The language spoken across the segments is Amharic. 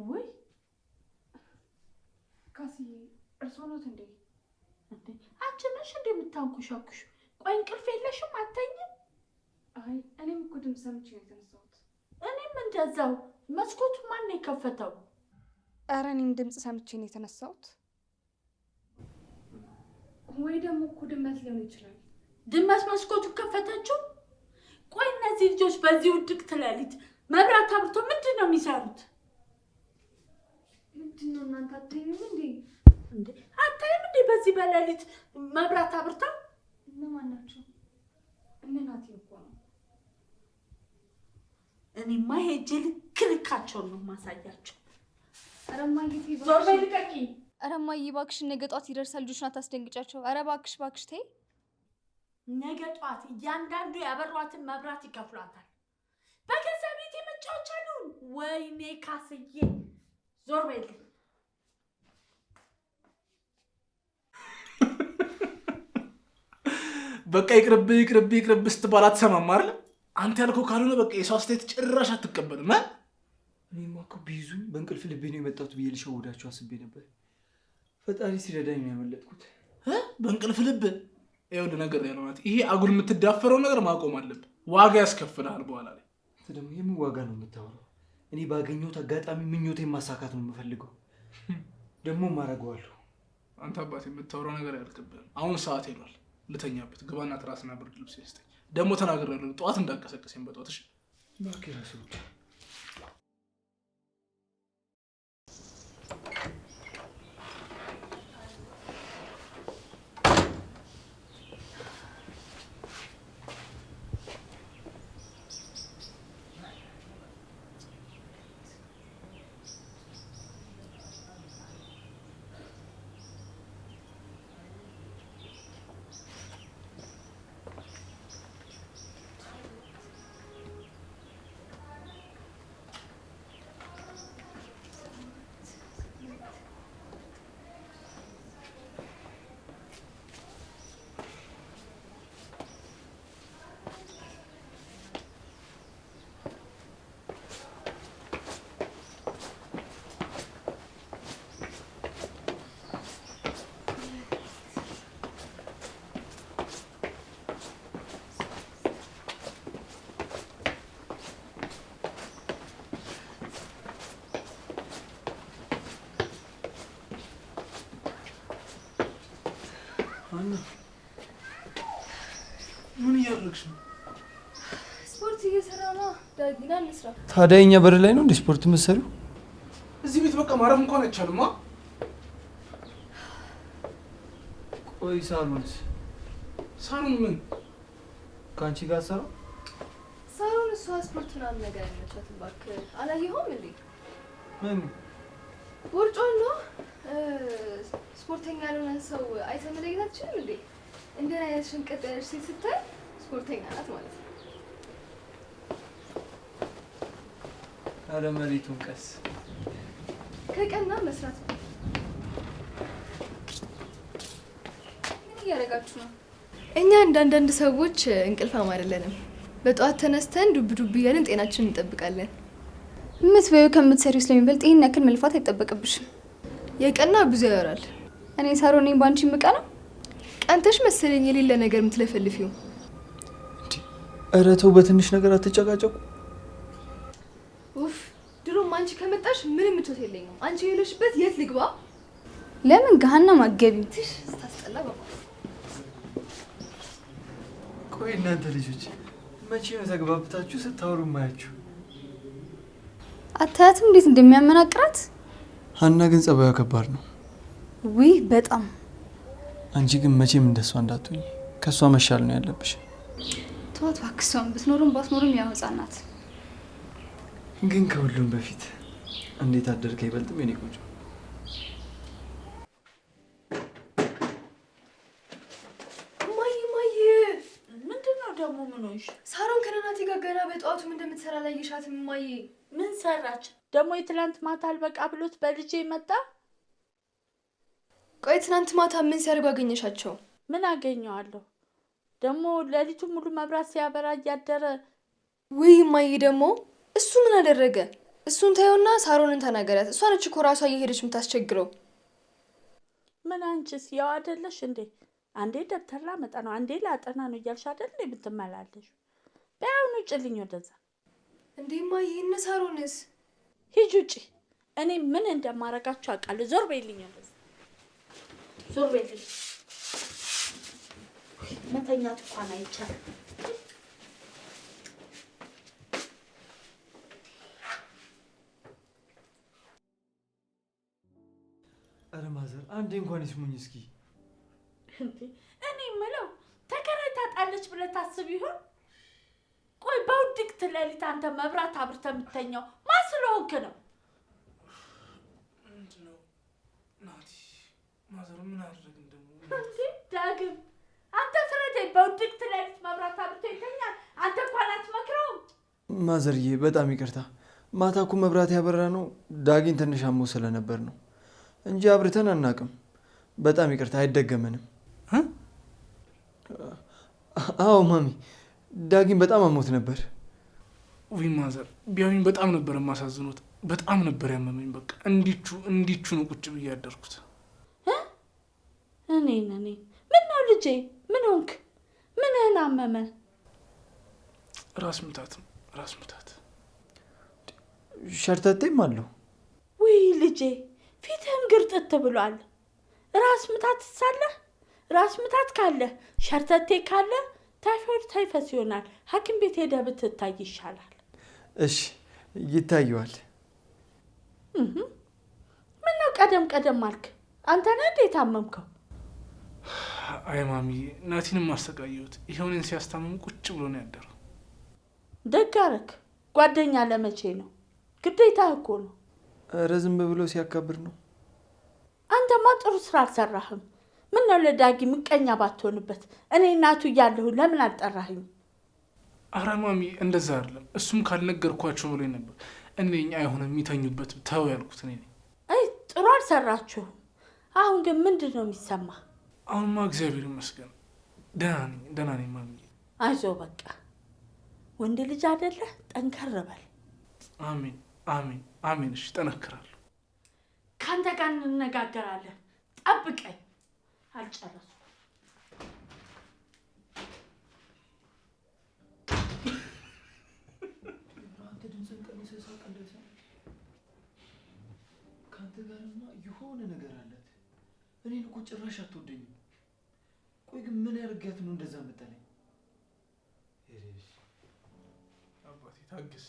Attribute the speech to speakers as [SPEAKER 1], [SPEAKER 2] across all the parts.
[SPEAKER 1] ውይ
[SPEAKER 2] ካስዬ እርስዎ ኖት እንዴ?
[SPEAKER 1] አንቺ ነሽ እንዴ የምታንኩሻኩሽ? ቆይ እንቅልፍ የለሽም አተኝም?
[SPEAKER 2] አይ እኔም እኮ ድምፅ ሰምቼ ነው የተነሳሁት።
[SPEAKER 1] እኔም እንደዛው። መስኮቱ ማን ነው የከፈተው?
[SPEAKER 2] ኧረ እኔም ድምፅ ሰምቼ ነው የተነሳሁት።
[SPEAKER 1] ወይ ደግሞ እኮ ድመት ሊሆን ይችላል። ድመት መስኮቱ ከፈተችው? ቆይ እነዚህ ልጆች በዚህ ውድቅ ትለሊት መብራት አብርቶ ምንድን ነው የሚሰሩት?
[SPEAKER 2] ምንድነው እናንተ አታይም እንዴ?
[SPEAKER 1] እንዴ እንዴ? በዚህ በሌሊት መብራት አብርታ
[SPEAKER 2] እነማን ናቸው? እነ እኮ ነው።
[SPEAKER 1] እኔማ ሄጄ ልክ ልካቸውን ነው ዞር በይ ልቀቂ።
[SPEAKER 2] ኧረ እማዬ ነገ ይደርሳል። ልጆችን አታስደንግጫቸው። ኧረ እባክሽ እባክሽ ተይ።
[SPEAKER 1] ነገ እያንዳንዱ ያበሯትን መብራት ይከፍሏታል። በገዛ ቤት ወይኔ ካስዬ ዞር
[SPEAKER 3] በቃ ይቅርብ ይቅርብ ይቅርብ ስትባል አትሰማም አይደል? አንተ ያልከው ካልሆነ በቃ የሰው አስተያየት ጭራሽ አትቀበልም።
[SPEAKER 4] እኔማ እኮ በእንቅልፍ ልቤ ነው የመጣሁት ብዬ ልሸውዳቸው አስቤ ነበር። ፈጣሪ ሲረዳኝ ነው ያመለጥኩት።
[SPEAKER 3] በእንቅልፍ ልብ ይኸውልህ ነገር ያለው ናት። ይሄ አጉል የምትዳፈረው ነገር ማቆም አለብ። ዋጋ ያስከፍልሃል በኋላ ላይ።
[SPEAKER 4] አንተ ደግሞ የምን ዋጋ ነው የምታወራው? እኔ ባገኘሁት አጋጣሚ ምኞቴን ማሳካት ነው የምፈልገው። ደግሞ ማደርገዋለሁ።
[SPEAKER 3] አንተ አባት የምታወራው ነገር አያልቅብህም። አሁን ሰዓት ሄዷል። ልተኛበት ግባና ትራስና ብርድ ልብስ ይስጠኝ ደግሞ ተናግሬያለሁ፣ ጠዋት እንዳቀሰቀሰኝ በጠዋት
[SPEAKER 4] ብቻ እያደረግሽ ነው?
[SPEAKER 2] ስፖርት እየሰራ ነው ዳግና ልስራ።
[SPEAKER 4] ታዲያ የእኛ በር ላይ ነው እንደ ስፖርት መሰሪው።
[SPEAKER 3] እዚህ ቤት በቃ ማረፍ እንኳን አይቻልማ።
[SPEAKER 4] ቆይ ሳሎንስ? ሳሎን ምን ከአንቺ ጋር ሰራው?
[SPEAKER 2] ሳሎን እሷ ስፖርት ምናምን ነገር አይመቻትም እባክህ። አላየኸውም እንዴ? ምን ቦርጮ ነው ስፖርተኛ ያልሆነን ሰው አይተህ እንዴ? እንደን አይነት ሽንቅጥ ያለሽ ሴት ስታይ ስፖርተኛ ናት ማለት ነው።
[SPEAKER 4] አረ መሬቱን ቀስ
[SPEAKER 2] ከቀና መስራት ምን እያደረጋችሁ ነው?
[SPEAKER 5] እኛ እንዳንዳንድ ሰዎች እንቅልፋም አይደለንም። በጠዋት ተነስተን ዱብ ዱብ እያልን ጤናችንን እንጠብቃለን።
[SPEAKER 2] የምትበይው ከምትሰሪው ስለሚበልጥ ይህን ያክል መልፋት አይጠበቅብሽም።
[SPEAKER 5] የቀና ብዙ ያወራል።
[SPEAKER 2] እኔ ሳሮኔ ባንቺ ምቀና
[SPEAKER 5] ቀንተሽ መሰለኝ የሌለ ነገር የምትለፈልፊው
[SPEAKER 4] ኧረ ተው፣ በትንሽ ነገር አትጨቃጨቁ።
[SPEAKER 5] ኡፍ ድሮም አንቺ ከመጣሽ ምንም ምቾት የለኝም። አንቺ የሌለሽበት የት ልግባ?
[SPEAKER 2] ለምን ገሀና አትገቢም?
[SPEAKER 5] ትሽ ስታስጠላ።
[SPEAKER 4] ቆይ እናንተ ልጆች መቼ ነው ተግባብታችሁ ስታወሩ ማያችሁ?
[SPEAKER 2] አታያትም እንዴት እንደሚያመናቅራት።
[SPEAKER 4] ሀና ግን ጸባዩ ከባድ ነው።
[SPEAKER 2] ውይ በጣም
[SPEAKER 4] አንቺ ግን መቼም እንደሷ እንዳትሆኝ ከእሷ መሻል ነው ያለብሽ።
[SPEAKER 2] ተዋት እባክህ። እሷን ብትኖርም ባትኖርም ያው ህፃን ናት።
[SPEAKER 4] ግን ከሁሉም በፊት እንዴት አደርከ? ይበልጥም የኔ ቆንጆ
[SPEAKER 1] ማይ ማይ፣ ምንድን ነው ደግሞ? ምን ሆንሽ?
[SPEAKER 2] ሳሮን ከነናቲ ጋር ገና በጠዋቱም እንደምትሰራ ላይ የሻትም። ማዬ
[SPEAKER 1] ምን ሰራች ደግሞ? የትላንት ማታ አልበቃ ብሎት በልጄ መጣ።
[SPEAKER 5] ቆይ ትናንት ማታ ምን ሲያደርጉ አገኘሻቸው?
[SPEAKER 1] ምን አገኘዋለሁ ደግሞ ሌሊቱ ሙሉ መብራት ሲያበራ እያደረ
[SPEAKER 5] ውይ ማይ ደግሞ እሱ ምን አደረገ? እሱን ታየውና ሳሮንን ተናገሪያት። እሷ ነች እኮ ራሷ እየሄደች የምታስቸግረው።
[SPEAKER 1] ምን አንቺስ ያው አደለሽ እንዴ? አንዴ ደብተር ላመጣ ነው አንዴ ላጠና ነው እያልሽ አደል እንዴ የምትመላለሽ? በያሁኑ ውጭልኝ ወደዛ።
[SPEAKER 2] እንዴ ማ ይህን ሳሮንስ?
[SPEAKER 1] ሂጅ ውጪ። እኔ ምን እንደማረጋቸው አውቃለሁ። ዞር በይልኝ ወደዛ፣ ዞር በይልኝ መተኛት እንኳን አይቻልም።
[SPEAKER 4] ኧረ ማዘር አንዴ እንኳን ይስሙኝ እስኪ።
[SPEAKER 1] እኔ የምለው ተከራይ ታጣለች ብለህ ታስብ ይሆን? ቆይ በውድቅት ሌሊት አንተ መብራት አብርተ የምተኛው ማን ስለሆንክ ነው? ዳግም አንተ በውድቅ ትለሊት መብራት አብርቶ ይተኛል። አንተ እንኳን አትመክረውም።
[SPEAKER 4] ማዘርዬ በጣም ይቅርታ። ማታ እኮ መብራት ያበራ ነው ዳጊን ትንሽ አሞ ስለነበር ነው እንጂ አብርተን አናቅም። በጣም ይቅርታ፣ አይደገመንም። አዎ ማሚ፣ ዳጊን በጣም አሞት ነበር።
[SPEAKER 3] ውይ ማዘር፣ ቢያዩኝ በጣም ነበር የማሳዝኖት። በጣም ነበር ያመመኝ። በቃ እንዲቹ እንዲቹ ነው ቁጭ ብዬ ያደርኩት።
[SPEAKER 1] እኔ እኔ ምን ነው ልጄ፣ ምን ሆንክ? ምንህን አመመ?
[SPEAKER 3] ራስ ምታት ራስ ምታት
[SPEAKER 4] ሸርተቴም አለው።
[SPEAKER 1] ውይ ልጄ ፊትህም ግርጥት ብሏል። ራስ ምታት ሳለህ ራስ ምታት ካለ ሸርተቴ ካለ ታይፎይድ ታይፈስ ይሆናል። ሐኪም ቤት ሄደህ ብትታይ ይሻላል።
[SPEAKER 4] እሺ ይታየዋል።
[SPEAKER 1] ምነው ቀደም ቀደም አልክ? አንተ ነህ እንዴ የታመምከው?
[SPEAKER 3] አይ ማሚዬ፣ እናቲንም አሰቃየሁት። ይኸውንን ሲያስታምም ቁጭ ብሎ ነው ያደረው።
[SPEAKER 1] ጓደኛ ለመቼ ነው? ግዴታ እኮ ነው።
[SPEAKER 4] ረዝም ዝም ብሎ ሲያካብድ ነው።
[SPEAKER 1] አንተማ ጥሩ ስራ አልሰራህም። ምን ነው ለዳጊ ምቀኛ ባትሆንበት። እኔ እናቱ እያለሁ ለምን አልጠራህኝ?
[SPEAKER 3] አረ ማሚ፣ እንደዛ አይደለም። እሱም ካልነገርኳቸው ብሎ ነበር። እኔኛ አይሆንም የሚተኙበት ተው ያልኩት እኔ።
[SPEAKER 1] አይ ጥሩ አልሰራችሁም። አሁን ግን ምንድን ነው የሚሰማ
[SPEAKER 3] አሁንማ እግዚአብሔር ይመስገን ደህና ነኝ፣ ደህና ነኝ
[SPEAKER 1] አይዞህ በቃ ወንድ ልጅ አይደለህ፣ ጠንከር በል።
[SPEAKER 3] አሜን፣ አሜን፣ አሜን። እሺ እጠነክራለሁ።
[SPEAKER 1] ከአንተ ጋር እንነጋገራለን። ጠብቀኝ፣ አልጨረሱ
[SPEAKER 4] ከአንተ ጋርማ የሆነ ነገር እኔን እኮ ጭራሽ አትወደኝም። ቆይ ግን ምን ያርጋት ነው እንደዛ የምጠለኝ?
[SPEAKER 3] አባቴ ታገሰ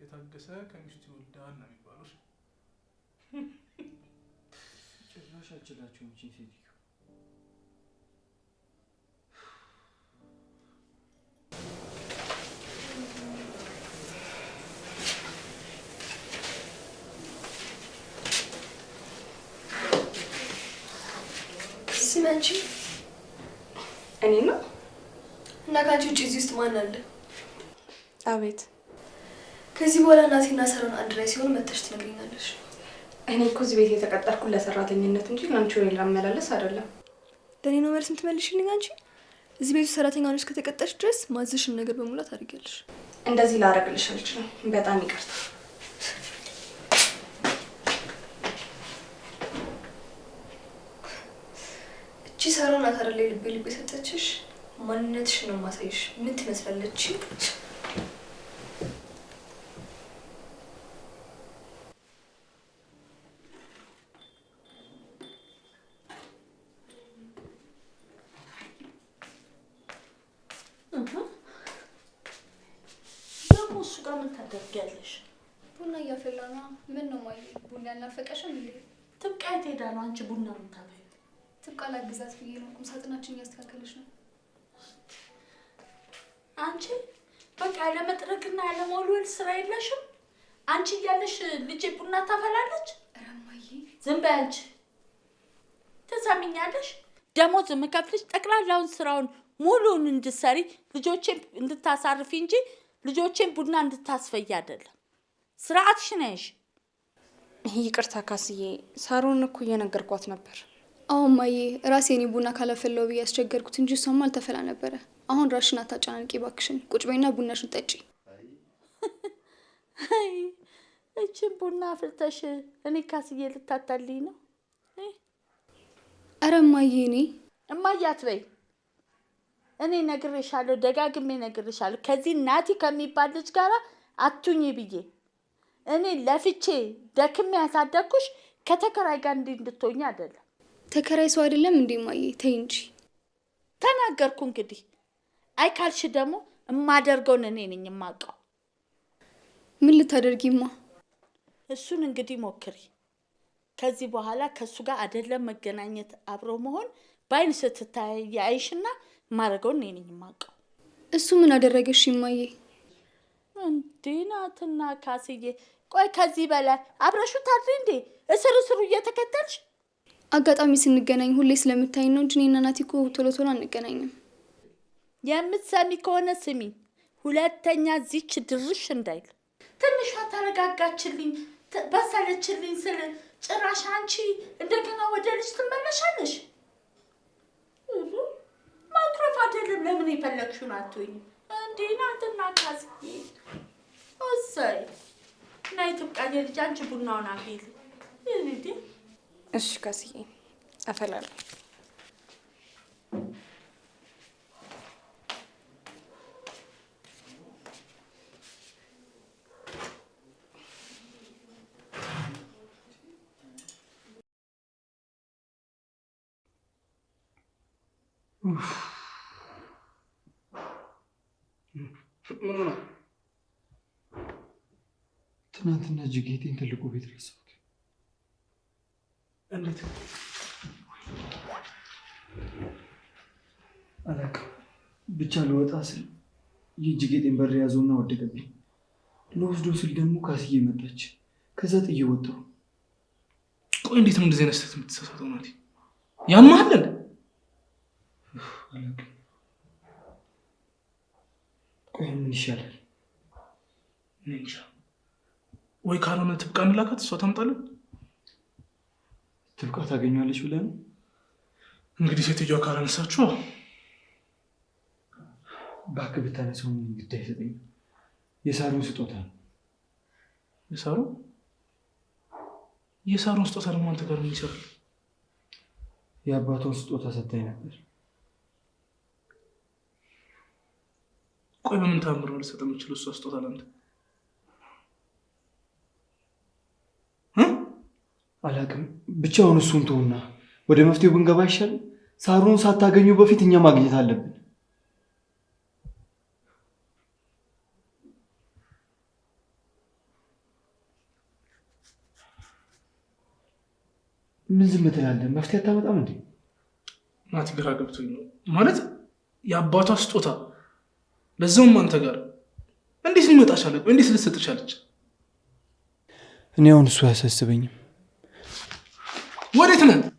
[SPEAKER 3] የታገሰ ከሚስቱ ይወልዳል ነው የሚባለው። ጭራሽ አልችላቸውም ሴትዮ
[SPEAKER 2] አንቺ እኔ ነው እና ከአንቺ ውጭ እዚህ ውስጥ ማን አለ? አቤት። ከዚህ በኋላ እናቴና ሰራን አንድ ላይ ሲሆን መተሽ ትነግሪኛለሽ።
[SPEAKER 5] እኔ እኮ እዚህ ቤት የተቀጠርኩት ለሰራተኝነት እንጂ ለአንቺ ወሬ ለመላለስ አይደለም።
[SPEAKER 2] ለእኔ ነው መልስ የምትመልሽልኝ? አንቺ እዚህ ቤቱ ሰራተኛ ሆነሽ ከተቀጠርሽ ድረስ ማዘሽን ነገር በሙላት አድርጊያለሽ።
[SPEAKER 5] እንደዚህ ላደርግልሽ አልችልም። በጣም ይቅርታ። እቺ ሰራውን አታደለ ልቤ ልቤ ሰጠችሽ። ማንነትሽ ነው ማሳይሽ። ምን ትመስላለች?
[SPEAKER 2] ላግዛት ብዬ ነው። ቁም ሳጥናችን እያስተካከለች ነው።
[SPEAKER 1] አንቺ በቃ ያለመጥረግና ያለመወልወል ስራ የለሽም። አንቺ እያለሽ ልጄ ቡና ታፈላለች። ኧረ እማዬ ዝም በይ አንቺ። ትሰሚኛለሽ? ደሞዝ የምከፍልሽ ጠቅላላውን ስራውን ሙሉን እንድትሰሪ ልጆቼን እንድታሳርፊ እንጂ ልጆቼን ቡና እንድታስፈይ አይደለም። ስርዓትሽ ነሽ።
[SPEAKER 5] ይቅርታ ካስዬ፣ ሳሮን እኮ እየነገርኳት ነበር
[SPEAKER 2] አሁን ማዬ ራሴን ቡና ካላፈላው ብዬ ያስቸገርኩት እንጂ እሷማ አልተፈላ ነበረ። አሁን ራሽን አታጨናንቂ ባክሽን፣ ቁጭ በይና ቡናሽን ጠጪ።
[SPEAKER 1] እችን ቡና አፍልተሽ እኔ ካስዬ ልታታልኝ ነው?
[SPEAKER 5] አረ እማዬ፣ እኔ
[SPEAKER 1] እማዬ አትበይ። እኔ ነግሬሻለሁ፣ ደጋግሜ ነግሬሻለሁ። ከዚህ ናቲ ከሚባል ልጅ ጋር አቱኝ ብዬ እኔ ለፍቼ ደክሜ ያሳደግኩሽ ከተከራይ ጋር እንዲህ እንድትሆኝ አይደለም
[SPEAKER 5] ተከራይ ሰው አይደለም እንዴ? ማየ ተይ እንጂ።
[SPEAKER 1] ተናገርኩ እንግዲህ። አይ ካልሽ ደግሞ እማደርገውን እኔ ነኝ የማውቀው።
[SPEAKER 5] ምን ልታደርጊማ?
[SPEAKER 1] እሱን እንግዲህ ሞክሪ። ከዚህ በኋላ ከእሱ ጋር አይደለም መገናኘት፣ አብሮ መሆን፣ በአይን ስትታያይ አይሽና እኔ ነኝ የማውቀው።
[SPEAKER 5] እሱ ምን አደረገሽ ማየ?
[SPEAKER 1] እንዴ ናትና ካስዬ፣ ቆይ ከዚህ በላይ አብረሹ ታድሪ እንዴ? እስር እስሩ እየተከተልሽ
[SPEAKER 5] አጋጣሚ ስንገናኝ ሁሌ ስለምታይ ነው እንጂ እኔና ናቲ እኮ ቶሎ ቶሎ አንገናኝም።
[SPEAKER 1] የምትሰሚ ከሆነ ስሚ፣ ሁለተኛ ዚች ድርሽ እንዳይል። ትንሿ ተረጋጋችልኝ፣ በሰለችልኝ ስል ጭራሽ አንቺ እንደገና ወደ ልጅ ትመለሻለሽ። ማኩረፍ አይደለም ለምን የፈለግሽውን አትሆኝ እንዴ ናትና ካዝ እሰይ ናይ ትብቃ ልጅ አንቺ ቡናውን አፌል ይህ
[SPEAKER 5] እሺ ካስዬ አፈላለሁ።
[SPEAKER 4] ትናንትና እጅጌቴን ትልቁ ቤት ረሳሁት። እንዴት አላውቅም። ብቻ ልወጣ ስል የእጅ ጌጤን በር ያዘውና ወደቀብኝ። ለወስዶ ስል ደግሞ ካስዬ መጣች። ከዛ ጥዬ ወጣሁ።
[SPEAKER 3] ቆይ እንዴት ነው እንደዚህ አይነት ስህተት የምትሳሳተው? ናት ያማለን
[SPEAKER 4] ቆይ ምን ይሻላል?
[SPEAKER 3] ወይ ካልሆነ ትብቃ እንላካት፣ እሷ ታምጣለን
[SPEAKER 4] ትልቋ ታገኘዋለች ብለህ ነው?
[SPEAKER 3] እንግዲህ ሴትዮዋ ካላነሳችሁ
[SPEAKER 4] እባክህ ብታነሳው ግድ አይሰጠኝም። የሳሩን ስጦታ ነው።
[SPEAKER 3] የሳሩ የሳሩን ስጦታ ደግሞ አንተ ጋር ምን ይሰራል?
[SPEAKER 4] የአባቷን ስጦታ ሰታኝ ነበር።
[SPEAKER 3] ቆይ በምን ነው ልሰጠ የምችለው እሷ ስጦታ ለአንተ
[SPEAKER 4] አላቅም ብቻ አሁን እሱን ትሁና ወደ መፍትሄው ብንገባ ይሻል። ሳሩን ሳታገኙ በፊት እኛ ማግኘት አለብን። ምን ዝም ትላለህ? መፍትሄ አታመጣም እንዴ?
[SPEAKER 3] ናቲ ግራ ነው ማለት የአባቷ ስጦታ ለዛውም አንተ ጋር እንዴት ሊመጣ ቻለ? እንዴት ልትሰጥ ቻለች?
[SPEAKER 4] እኔ አሁን እሱ አያሳስበኝም።
[SPEAKER 3] Lieutenant!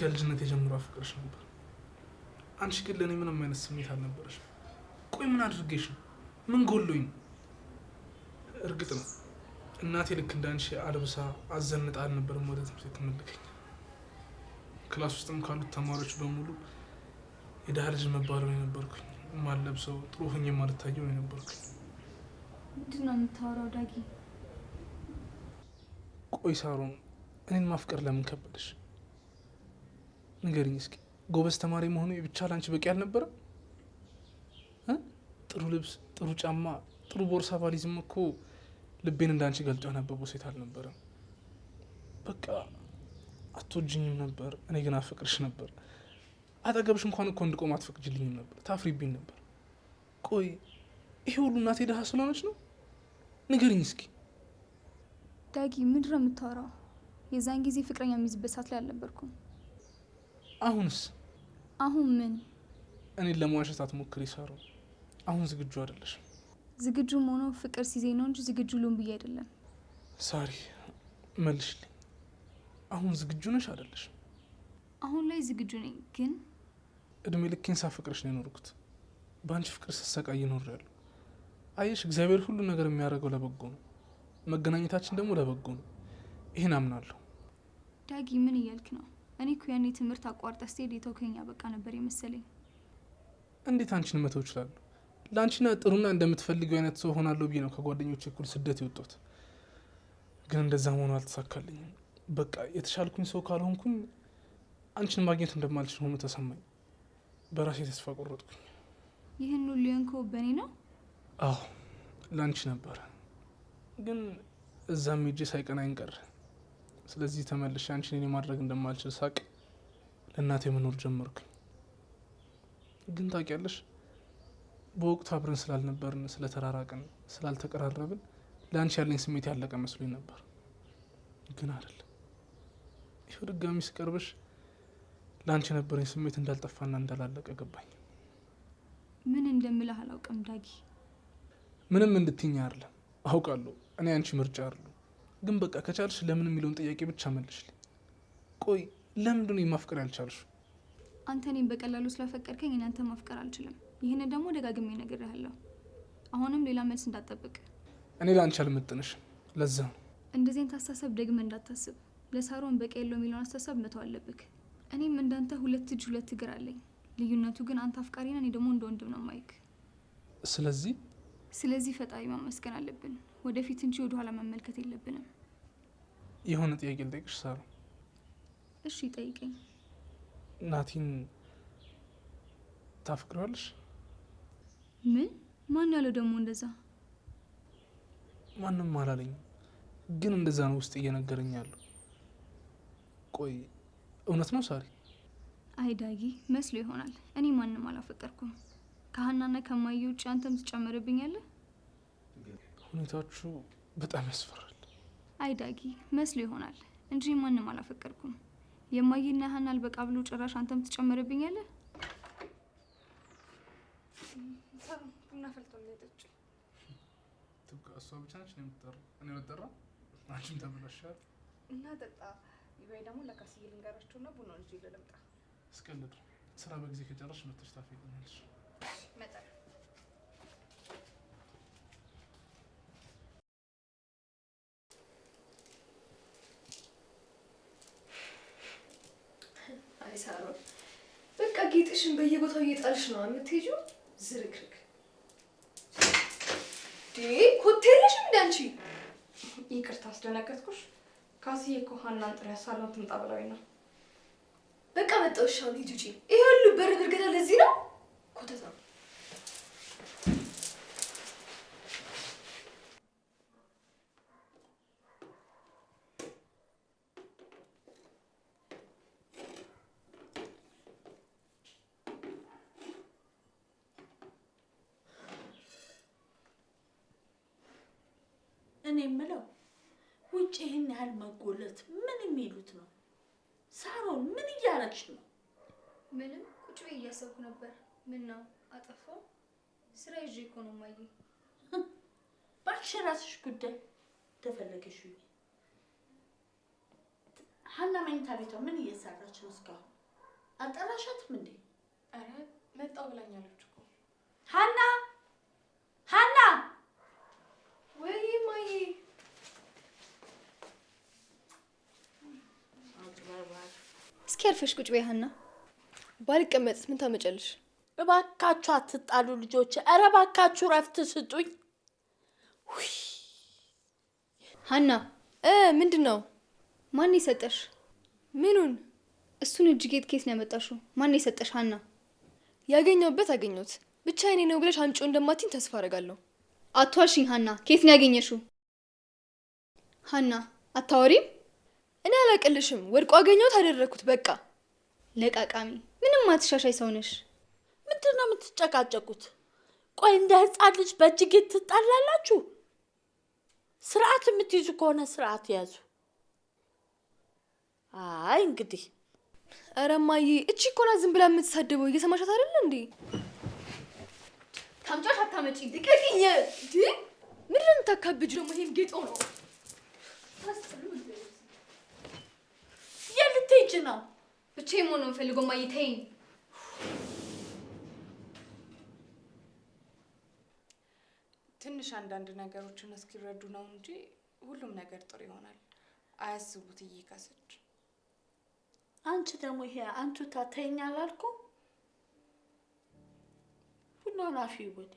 [SPEAKER 3] ከልጅነት የጀምሮ አፍቅርሽ ነበር። አንቺ ግን ለእኔ ምንም አይነት ስሜት አልነበረሽ። ቆይ ምን አድርጌሽ ነው? ምን ጎሎኝ? እርግጥ ነው እናቴ ልክ እንደ አንቺ አልብሳ አዘንጣ አልነበርም ወደ ትምህርት ቤት የምልከኝ። ክላስ ውስጥም ካሉት ተማሪዎች በሙሉ የድሃ ልጅ መባለው የነበርኩኝ፣ ማለብሰው ጥሩ ሆኜ ማልታየው የነበርኩኝ።
[SPEAKER 2] ምንድን ነው የምታወራው ዳጊ?
[SPEAKER 3] ቆይ ሳሮን፣ እኔን ማፍቀር ለምን ከበደሽ? ንገሪኝ እስኪ ጎበዝ ተማሪ መሆኑ ብቻ ላንቺ በቂ አልነበረም? ጥሩ ልብስ፣ ጥሩ ጫማ፣ ጥሩ ቦርሳ ቫሊዝም እኮ ልቤን እንዳንቺ ገልጦ ያነበቡ ሴት አልነበረም። በቃ አቶጅኝም ነበር፣ እኔ ግን አፈቅርሽ ነበር። አጠገብሽ እንኳን እኮ እንድቆም አትፈቅጅልኝም ነበር፣ ታፍሪብኝ ነበር። ቆይ ይሄ ሁሉ እናቴ ድሀ ስለሆነች ነው? ንገሪኝ እስኪ
[SPEAKER 2] ዳጊ፣ ምንድን ነው የምታወራው? የዛን ጊዜ ፍቅረኛ የሚይዝበት ሰዓት ላይ አልነበርኩም። አሁንስ? አሁን ምን?
[SPEAKER 3] እኔን ለመዋሸት አትሞክር ይሰሩ። አሁን ዝግጁ አይደለሽ።
[SPEAKER 2] ዝግጁ ሆኖ ፍቅር ሲዜ ነው እንጂ ዝግጁ ልሁን ብዬ አይደለም።
[SPEAKER 3] ሳሪ መልሽልኝ። አሁን ዝግጁ ነሽ አይደለሽ?
[SPEAKER 2] አሁን ላይ ዝግጁ ነኝ፣ ግን
[SPEAKER 3] እድሜ ልኬን ሳፈቅርሽ ነው የኖርኩት። በአንቺ ፍቅር ስሰቃይ ይኖር ያሉ አየሽ፣ እግዚአብሔር ሁሉ ነገር የሚያደርገው ለበጎ ነው። መገናኘታችን ደግሞ ለበጎ ነው። ይህን አምናለሁ።
[SPEAKER 2] ዳጊ ምን እያልክ ነው? እኔ እኮ ያኔ ትምህርት አቋርጠ ስትሄድ የተውከኛ በቃ ነበር የመሰለኝ።
[SPEAKER 3] እንዴት አንቺን መተው እችላለሁ? ለአንቺና ጥሩና እንደምትፈልገው አይነት ሰው ሆናለሁ ብዬ ነው ከጓደኞች እኩል ስደት የወጡት። ግን እንደዛ መሆኑ አልተሳካልኝም። በቃ የተሻልኩኝ ሰው ካልሆንኩኝ አንቺን ማግኘት እንደማልችል ሆኖ ተሰማኝ። በራሴ ተስፋ ቆረጥኩኝ።
[SPEAKER 2] ይህን ሁሉ የሆንከው በእኔ ነው?
[SPEAKER 3] አዎ ለአንቺ ነበረ። ግን እዛም ሄጄ ሳይቀናኝ ቀረ። ስለዚህ ተመልሼ አንቺን እኔ ማድረግ እንደማልችል ሳቅ ለእናቴ መኖር ጀመርኩኝ። ግን ታውቂያለሽ በወቅቱ አብረን ስላልነበርን፣ ስለተራራቅን፣ ስላልተቀራረብን ለአንቺ ያለኝ ስሜት ያለቀ መስሎኝ ነበር። ግን አይደለም። ይህ ድጋሚ ስቀርብሽ ለአንቺ የነበረኝ ስሜት እንዳልጠፋና እንዳላለቀ ገባኝ።
[SPEAKER 2] ምን እንደምልህ አላውቅም ዳጊ።
[SPEAKER 3] ምንም እንድትኛ አይደለም አውቃለሁ። እኔ አንቺ ምርጫ አይደለሁ ግን በቃ ከቻልሽ ለምን የሚለውን ጥያቄ ብቻ መልሽልኝ። ቆይ ለምንድን ነው የማፍቀር ያልቻልሽ?
[SPEAKER 2] አንተ እኔም በቀላሉ ስላፈቀድከኝ አንተ ማፍቀር አልችልም። ይህንን ደግሞ ደጋግሜ እነግርሃለሁ። አሁንም ሌላ መልስ እንዳጠብቅ።
[SPEAKER 3] እኔ ለአንቺ አልመጥንሽም። ለዛ ነው
[SPEAKER 2] እንደዚህ አይነት እንዳታስብ። ለሳሮን በቂ ያለው የሚለውን አስተሳሰብ መተው አለብህ። እኔም እንዳንተ ሁለት እጅ ሁለት እግር አለኝ። ልዩነቱ ግን አንተ አፍቃሪ ነህ፣ እኔ ደግሞ እንደ ወንድም ነው ማይክ። ስለዚህ ስለዚህ ፈጣሪ ማመስገን አለብን፣ ወደፊት እንጂ ወደኋላ መመልከት የለብንም።
[SPEAKER 3] የሆነ ጥያቄ ልጠይቅሽ ሳሩ።
[SPEAKER 2] እሺ ጠይቀኝ።
[SPEAKER 3] ናቲን ታፍቅረዋለሽ?
[SPEAKER 2] ምን? ማን ያለው ደግሞ እንደዛ?
[SPEAKER 3] ማንም አላለኝ፣ ግን እንደዛ ነው ውስጥ እየነገረኝ ያለው። ቆይ እውነት ነው ሳሪ?
[SPEAKER 2] አይ ዳጊ መስሎ ይሆናል። እኔ ማንም አላፈቀርኩም። ከሀናና ከማየ ውጭ አንተም ትጨምርብኛለህ።
[SPEAKER 3] ሁኔታችሁ በጣም ያስፈራል።
[SPEAKER 2] አይዳጊ መስሎ ይሆናል እንጂ ማንም አላፈቀድኩም። የማየና ሀና አልበቃ ብሎ ጭራሽ አንተም ትጨምርብኛለህ። እሷ
[SPEAKER 3] ብቻ ነች እኔ የምጠራው አንቺም ተብለሻል
[SPEAKER 2] እና ጠጣ ወይ ደግሞ ለካስዬ ልንገራቸውና ቡና ልጅ ለለምጣ
[SPEAKER 3] እስከልድ ስራ በጊዜ ከጨረሽ መተሽ ታፈቅኛለሽ
[SPEAKER 1] ቀጥቅጠልሽ ነው የምትሄጂው? ዝርክርክ ኮቴልሽ እንዳንቺ።
[SPEAKER 2] ይቅርታ አስደነገጥኩሽ። ካስዬ እኮ ሀናን ጥሪያ ሳሎን ትምጣ ብላኝ ነው።
[SPEAKER 1] በቃ መጣሁ። እሺ ሂጂ ይሄ ሁሉ በር ብርገዳ ለዚህ ነው ኮተታ እኔ የምለው ውጭ ይህን ያህል መጎለት ምን የሚሉት ነው? ሳሮን ምን እያለች ነው?
[SPEAKER 2] ምንም ቁጭ ብዬ እያሰብኩ ነበር። ምን ነው አጠፋው? ስራ ይዤ እኮ ነው ማየ።
[SPEAKER 1] እባክሽ ራስሽ ጉዳይ ተፈለገሽ። ሀና መኝታ ቤቷ ምን እየሰራች ነው? እስካሁን አልጠራሻትም እንዴ?
[SPEAKER 2] ኧረ መጣሁ ብላኛለች እኮ ሀና እስኪ ያርፈሽ ቁጭ በይ ሀና። ባልቀመጥስ ምን ታመጫለሽ?
[SPEAKER 1] እባካችሁ አትጣሉ ልጆች፣ ኧረ እባካችሁ እረፍት ስጡኝ።
[SPEAKER 2] ሀና ምንድን ነው? ማን የሰጠሽ? ምኑን? እሱን እጅጌት ኬት ነው ያመጣሽው? ማን የሰጠሽ ሀና?
[SPEAKER 5] ያገኘሁበት አገኘሁት። ብቻ የኔ ነው ብለሽ አምጪው እንደማትኝ ተስፋ አደርጋለሁ።
[SPEAKER 2] አቷሽኝ ሀና፣ ከየት ነው ያገኘሽው? ሀና
[SPEAKER 5] አታወሪም? እኔ አላቅልሽም። ወድቆ አገኘሁት አደረግኩት። በቃ
[SPEAKER 2] ለቃቃሚ፣ ምንም አትሻሻይ ሰውነሽ።
[SPEAKER 1] ምንድን ነው የምትጨቃጨቁት? ቆይ እንደ ህፃን ልጅ በእጅጌ ትጣላላችሁ? ስርዓት የምትይዙ ከሆነ ስርዓት ያዙ። አይ እንግዲህ
[SPEAKER 5] እረማዬ እቺ እኮ ናት ዝም ብላ የምትሳደበው። እየሰማሻት አይደል እንዴ?
[SPEAKER 1] ታምጫሽ አታመጪ። ልቀቂኝ! ምንድን ነው የምታካብጅ ደግሞ? ይሄም ጌጦ ነው። የት ልትሄጂ ነው?
[SPEAKER 5] ብቻዬን መሆን ነው የምፈልገው። እማዬ ተይኝ።
[SPEAKER 2] ትንሽ አንዳንድ ነገሮችን እስኪረዱ ነው እንጂ ሁሉም ነገር ጥሩ ይሆናል። አያስቡት እየካሰች
[SPEAKER 1] አንቺ ደግሞ ይሄ አንቺ ታተኛ አላልኩም ኃላፊ ይወድ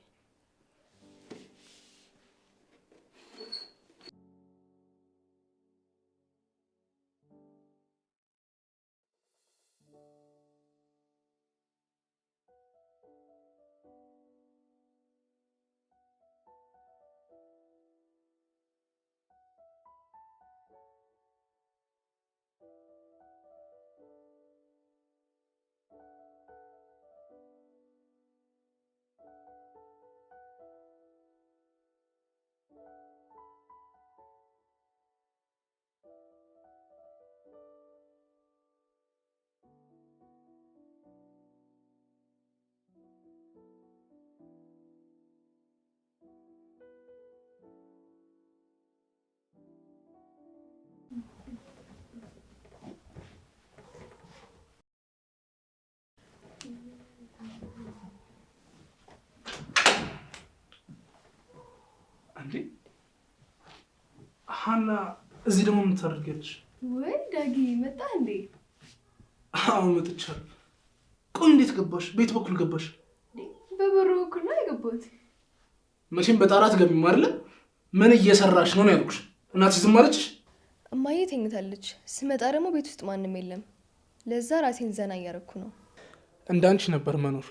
[SPEAKER 3] ሀና እዚህ ደግሞ የምታደርገች?
[SPEAKER 2] ወይ ዳጊ መጣ እንዴ?
[SPEAKER 3] አዎ መጥቻለሁ። ቆይ እንዴት ገባሽ? ቤት በኩል ገባሽ?
[SPEAKER 2] በበሩ በኩል ነው የገባሁት።
[SPEAKER 3] መቼም በጣራት ገቢም አይደለ? ምን እየሰራሽ ነው ነው ያልኩሽ። እናትሽ ዝም አለችሽ?
[SPEAKER 2] እማዬ ተኝታለች። ስመጣ ደግሞ ቤት ውስጥ ማንም የለም። ለዛ ራሴን ዘና እያደረኩ ነው።
[SPEAKER 3] እንዳንቺ ነበር መኖር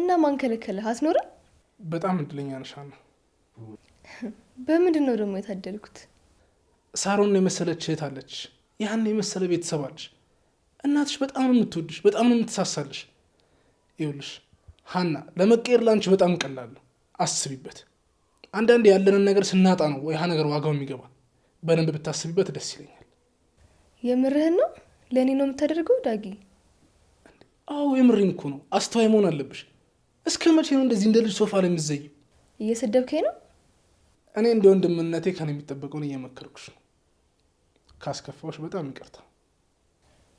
[SPEAKER 2] እና ማንከለከለ አትኖርም።
[SPEAKER 3] በጣም እድለኛ ነሽ ሀና።
[SPEAKER 2] በምንድን ነው ደግሞ የታደልኩት?
[SPEAKER 3] ሳሮን የመሰለች እህት አለች፣ ያን የመሰለ ቤተሰብ አለች። እናትሽ በጣም ነው የምትወድሽ፣ በጣም ነው የምትሳሳልሽ። ይኸውልሽ ሀና፣ ለመቀየር ላንቺ በጣም ቀላል አስቢበት። አንዳንድ ያለንን ነገር ስናጣ ነው ወይ ያ ነገር ዋጋው የሚገባ በደንብ ብታስቢበት ደስ ይለኛል።
[SPEAKER 2] የምርህን ነው? ለእኔ ነው የምታደርገው ዳጊ?
[SPEAKER 3] አዎ የምሬን እኮ ነው። አስተዋይ መሆን አለብሽ። እስከ መቼ ነው እንደዚህ እንደ ልጅ ሶፋ ላይ የምትዘይው?
[SPEAKER 2] እየሰደብከኝ ነው
[SPEAKER 3] እኔ እንደ ወንድምነቴ ከን የሚጠበቀውን እየመከርኩሽ ነው። ካስከፋዎች በጣም ይቅርታ።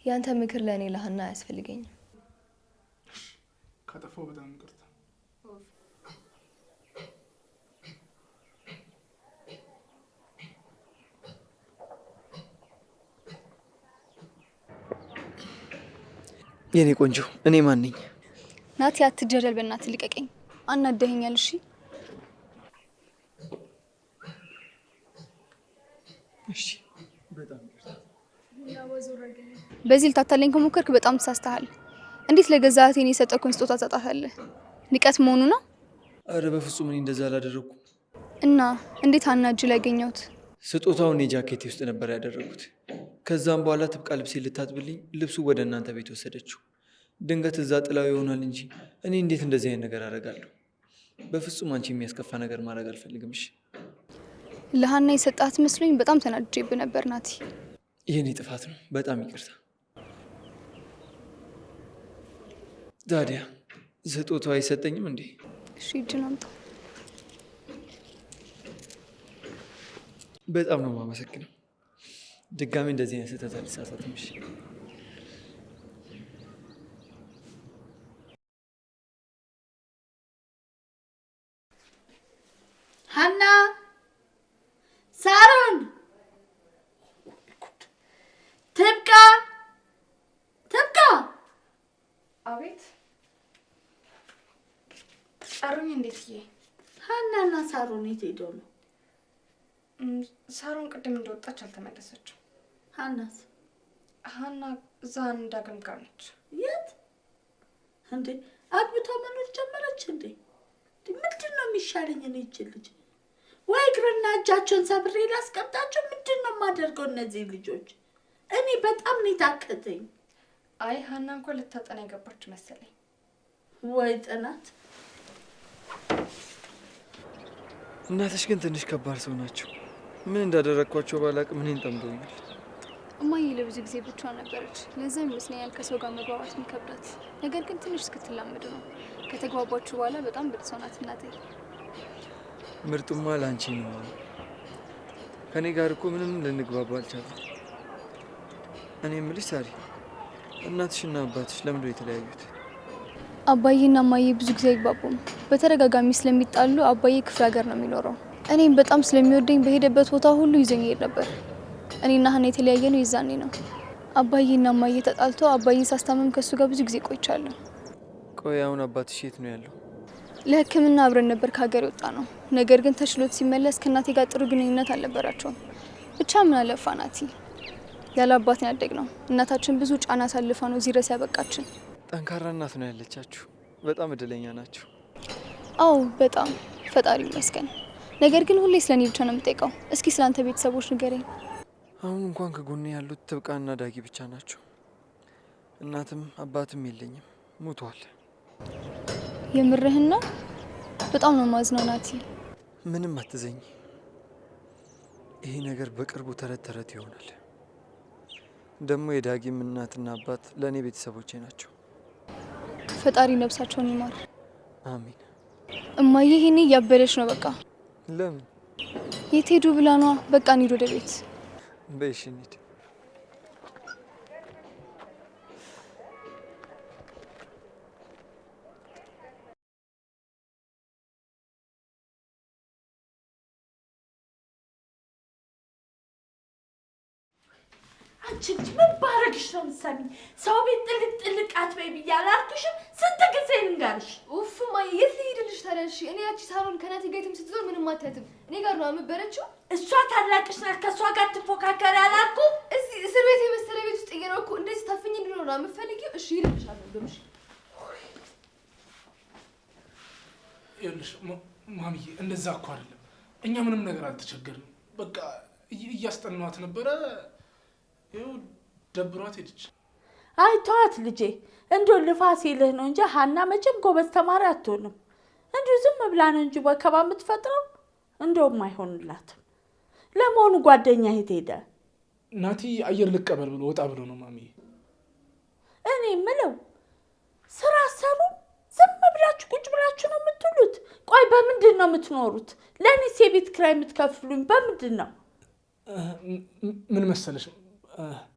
[SPEAKER 2] ያንተ ምክር ለእኔ ለህና አያስፈልገኝም።
[SPEAKER 3] ከጠፋው በጣም ይቅርታ። የኔ ቆንጆ እኔ ማን ነኝ?
[SPEAKER 2] ናቲ አትጀደል፣ በእናትህ ልቀቀኝ። አናደኸኛል። እሺ በዚህ ልታታለኝ ከሞከርክ በጣም ተሳስተሃል። እንዴት ለገዛ እህቴን የሰጠኩን ስጦታ ታጣታለህ? ንቀት መሆኑ ነው?
[SPEAKER 3] አረ በፍጹም እኔ እንደዛ አላደረኩም።
[SPEAKER 2] እና እንዴት አና እጅ ላይ ያገኘሁት?
[SPEAKER 3] ስጦታውን የጃኬቴ ውስጥ ነበር ያደረጉት። ከዛም በኋላ ትብቃ ልብሴ ልታጥብልኝ ልብሱ ወደ እናንተ ቤት ወሰደችው። ድንገት እዛ ጥላው ይሆናል እንጂ እኔ እንዴት እንደዚህ አይነት ነገር አደርጋለሁ? በፍጹም አንቺ የሚያስከፋ ነገር ማድረግ አልፈልግምሽ።
[SPEAKER 2] ለሀና የሰጣት መስሎኝ በጣም ተናድጄብ ነበር። ናቲ፣
[SPEAKER 3] የኔ ጥፋት ነው። በጣም ይቅርታ። ታዲያ ስጦታ አይሰጠኝም እንዴ?
[SPEAKER 2] እሺ፣ እጅን አምጣ።
[SPEAKER 3] በጣም ነው የማመሰግነው። ድጋሜ እንደዚህ አይነት ስህተት አልሳሳትም። እሺ
[SPEAKER 1] የት ይሄዳሉ?
[SPEAKER 2] ሳሮን ቅድም እንደወጣች አልተመለሰችም። ሀናስ ሀና እዛ እንዳገም ጋር ነች።
[SPEAKER 1] የት እንዴ? አግብታ መኖር ጀመረች እንዴ? ምንድን ነው የሚሻለኝ ነው ይች ልጅ? ወይ እግርና እጃቸውን ሰብሬ ላስቀምጣቸው። ምንድን ነው የማደርገው እነዚህ ልጆች? እኔ በጣም ነው የታከተኝ።
[SPEAKER 2] አይ ሀና እንኳን ልታጠና የገባች መሰለኝ።
[SPEAKER 1] ወይ ጥናት
[SPEAKER 4] እናትሽ ግን ትንሽ ከባድ ሰው ናቸው። ምን እንዳደረግኳቸው ባላቅም እኔን ጠምደውኛል።
[SPEAKER 2] እማዬ ለብዙ ጊዜ ብቻ ነበረች። ለዛ ይመስለኛል ከሰው ጋር መግባባት የሚከብዳት። ነገር ግን ትንሽ እስክትላመድ ነው። ከተግባባችሁ በኋላ በጣም ብልጥ ሰው ናት እናቴ።
[SPEAKER 4] ምርጡማ ለአንቺ ነው። ከእኔ ጋር እኮ ምንም ልንግባባ አልቻለም። እኔ የምልሽ ሳሪ፣ እናትሽና አባትሽ ለምንድነው የተለያዩት?
[SPEAKER 2] አባዬና እማዬ ብዙ ጊዜ አይግባቡም። በተደጋጋሚ ስለሚጣሉ አባዬ ክፍለ ሀገር ነው የሚኖረው። እኔም በጣም ስለሚወደኝ በሄደበት ቦታ ሁሉ ይዘኝ ይሄድ ነበር። እኔና ሀና የተለያየ ነው ይዛኔ ነው። አባዬና እማዬ ተጣልቶ አባዬን ሳስታመም ከእሱ ጋር ብዙ ጊዜ ቆይቻለሁ።
[SPEAKER 4] ቆይ አሁን አባትሽ የት ነው ያለው?
[SPEAKER 2] ለሕክምና አብረን ነበር ከሀገር የወጣ ነው። ነገር ግን ተችሎት ሲመለስ ከእናቴ ጋር ጥሩ ግንኙነት አልነበራቸውም። ብቻ ምን አለፋ ናቲ ያለ አባት ያደግ ነው። እናታችን ብዙ ጫና አሳልፋ ነው እዚህ ድረስ ያበቃችን።
[SPEAKER 4] ጠንካራ እናት ነው ያለቻችሁ። በጣም እድለኛ ናችሁ።
[SPEAKER 2] አዎ በጣም ፈጣሪ ይመስገን። ነገር ግን ሁሌ ስለ እኔ ብቻ ነው የምጠይቀው። እስኪ ስላንተ ቤተሰቦች ንገረኝ።
[SPEAKER 4] አሁን እንኳን ከጎኔ ያሉት ትብቃና ዳጊ ብቻ ናቸው። እናትም አባትም የለኝም፣ ሙቷል
[SPEAKER 2] የምርህና? በጣም ነው ማዝነው ናቲ።
[SPEAKER 4] ምንም አትዘኝ። ይሄ ነገር በቅርቡ ተረት ተረት ይሆናል። ደግሞ የዳጊም እናትና አባት ለእኔ ቤተሰቦቼ ናቸው።
[SPEAKER 2] ፈጣሪ ነብሳቸውን ይማር። አሚን እማዬ ይሄኔ ነው። በቃ ለምን የት ሄዱ ብላ ነዋ። በቃ እንሂድ ወደ ቤት።
[SPEAKER 4] በይ እሺ እንሂድ።
[SPEAKER 1] አንቺ ልጅ ምን ባረግሽ ነው የምትሰሚኝ? ሰው ቤት ጥልቅ ጥልቅ አትበይ ብያለሁ አልኩሽም? ስንት ጊዜ ልንገርሽ?
[SPEAKER 2] ኡፍ ማዬ፣ የት ልሂድልሽ ታዲያ? እሺ እኔ ያቺ ሳሎን ከናቴ ጋይትም ስትዞር ምንም አታያትም። እኔ ጋር ነው አምበረችው።
[SPEAKER 1] እሷ ታላቅሽ ናት፣ ከእሷ ጋር ትፎካከሪ አላልኩ?
[SPEAKER 2] እዚህ እስር ቤት የመሰለ ቤት ውስጥ እየኖርኩ እንደዚህ ታፍኝ እንድኖር ነው የምትፈልጊው? እሺ ሂድልሻለሁ። በምሽ
[SPEAKER 3] ይኸውልሽ ማሚዬ፣ እንደዛ እኮ አይደለም። እኛ ምንም ነገር አልተቸገርንም። በቃ እያስጠናዋት ነበረ ይኸው ደብሯት ሄደች።
[SPEAKER 1] አይ ልጄ፣ እንዲሁ ልፋት ሲልህ ነው እንጂ ሀና መቼም ጎበዝ ተማሪ አትሆንም። እንዲሁ ዝም ብላ ነው እንጂ ወከባ የምትፈጥረው። እንደውም አይሆንላትም። ለመሆኑ ጓደኛ የት ሄደ?
[SPEAKER 3] ናቲ አየር ልቀበል ብሎ ወጣ ብሎ ነው ማሚ።
[SPEAKER 1] እኔ ምለው ስራ ሰሩ ዝም ብላችሁ ቁጭ ብላችሁ ነው የምትውሉት? ቆይ በምንድን ነው የምትኖሩት? ለእኔስ የቤት ኪራይ የምትከፍሉኝ በምንድን ነው?
[SPEAKER 3] ምን መሰለሽ uh,